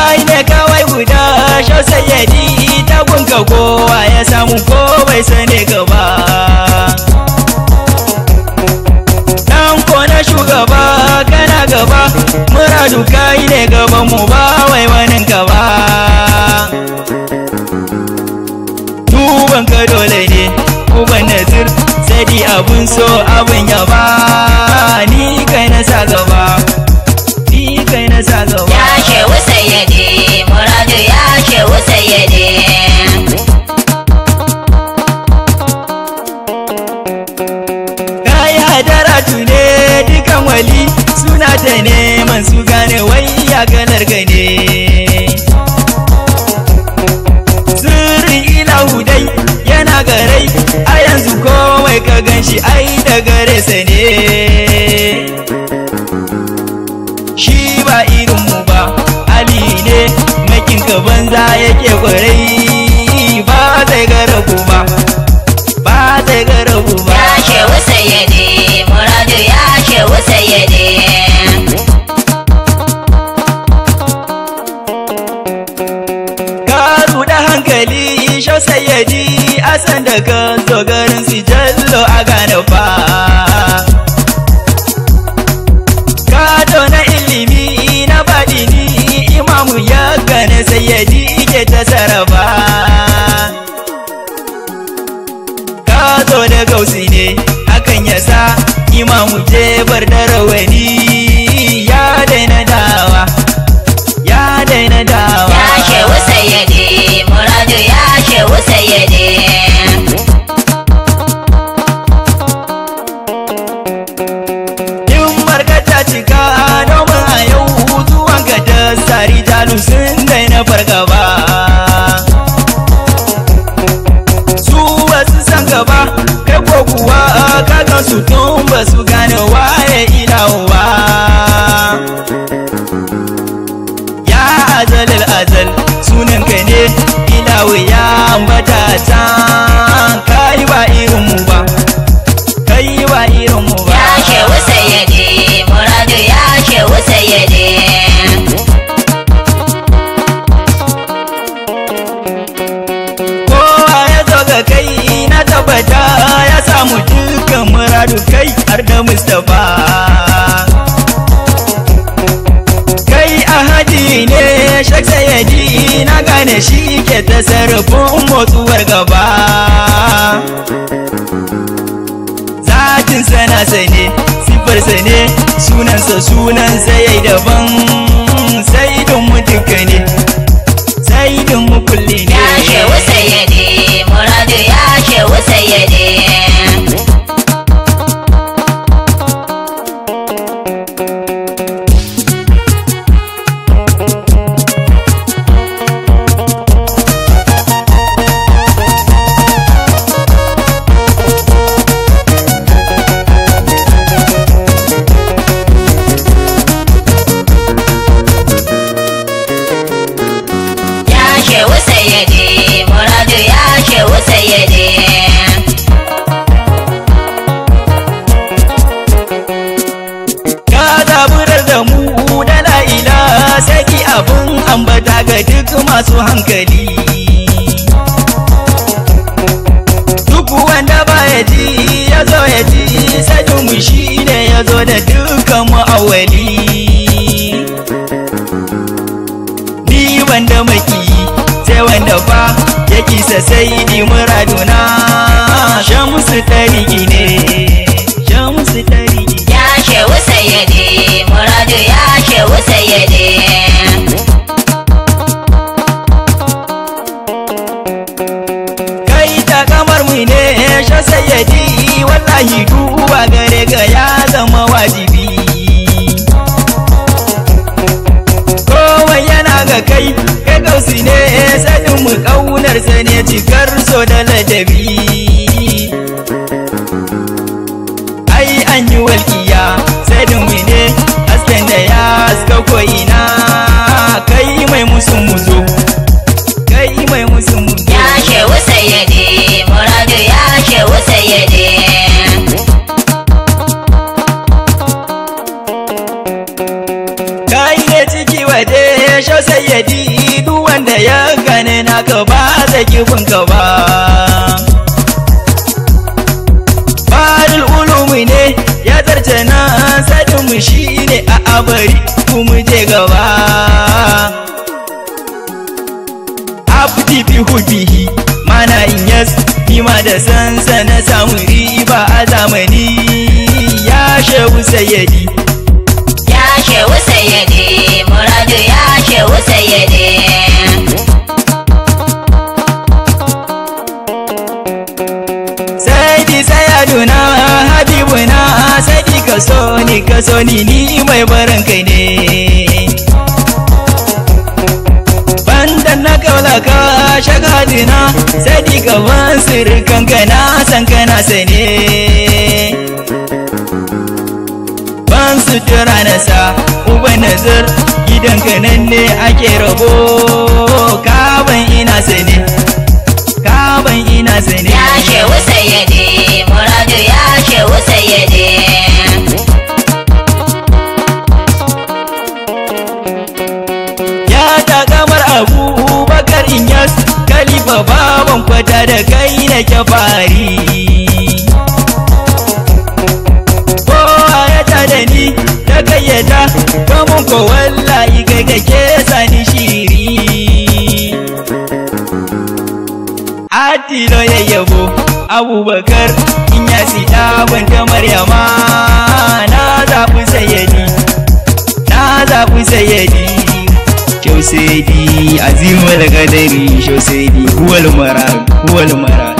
kai ne kawai guda shau sayyadi ta gunga kowa ya samu ko bai sani gaba dan ko na shugaba kana gaba muradu kai ne gaban mu ba wai wani gaba duban ka dole ne uban nazir sadi abun so abun yaba ni kai na sa gaba ni kai na sa gaba sayyade muradu ya shehu sayyade Kaya daratu ne dukan wali suna ta neman su gane wai ya ganar gane Sirrin ilahu yana garai a yanzu komai ka ganshi ai da gare sa ne banza yake kwarai ba zai ga rabu ba ba zai ga rabu ba ya ke wuce yade muradu ya ke wuce yade iya ike ta sarrafa ka zo da gausi ne hakan ya sa imamu jebar da rawani ya daina dawa ya daina dawa ya ke wusa yade muradu ya ke wusa yade cika jalusin su tun ba su gane waye ilahu ba ya azal azal sunan ka ne ilawa ya ambata ta kai ba irin mu ba kai ba irin mu ba ya ke wusayyade muradu ya ke na tabbata ya samu muradu kai har da mustapha kai ahadi ne shak sayadi na gane shi ke tasarrufin motsuwar gaba zatinsa na sane sifarsa ne sunansa sunan sayai daban saidin sai ne saidin mukulli ne ya shewa sayadi dafa ya kisa sai di muraduna shamusu tariki ne shamusu tariki ya shewu sayyade muradu ya shewu sayyade kai ta kamar mu ne sha sayyadi wallahi duba gare gaya gausi ne sanin kaunar ƙaunarsa ne cikar so da ladabi ai an yi walƙiya sanin mu ne hasken da ya haska ko'ina kai mai musu muzo kai mai musu muzo ya ke wusa yade muradu ya ke wusa yade sayyadi ka ba da kifin ka ba ulumi ne ya zarce na satin mu shine a abari mu je gaba abdi bi mana in yas nima da sansa na samu riba a zamani ya shehu sayyadi ya shehu sayyadi wani ni mai barin kai ne bandan na kaula ka shaga dina sai di gaban sirkan kana san kana sane ban sutura na sa nazar gidan kanan ne ake rabo kaban ina sane kaban ina sane ya ke wusa yade muradu ya ke wusa yade rage fari kowa ya ta da ni da gayyata kamun ko wallahi ke sani shiri atilo ya yabo abubakar in ya si ɗaban ta maryama na zafi sayadi na zafi sayadi azimu عزيم الغدري shosedi, huwa lumara, huwa lumara.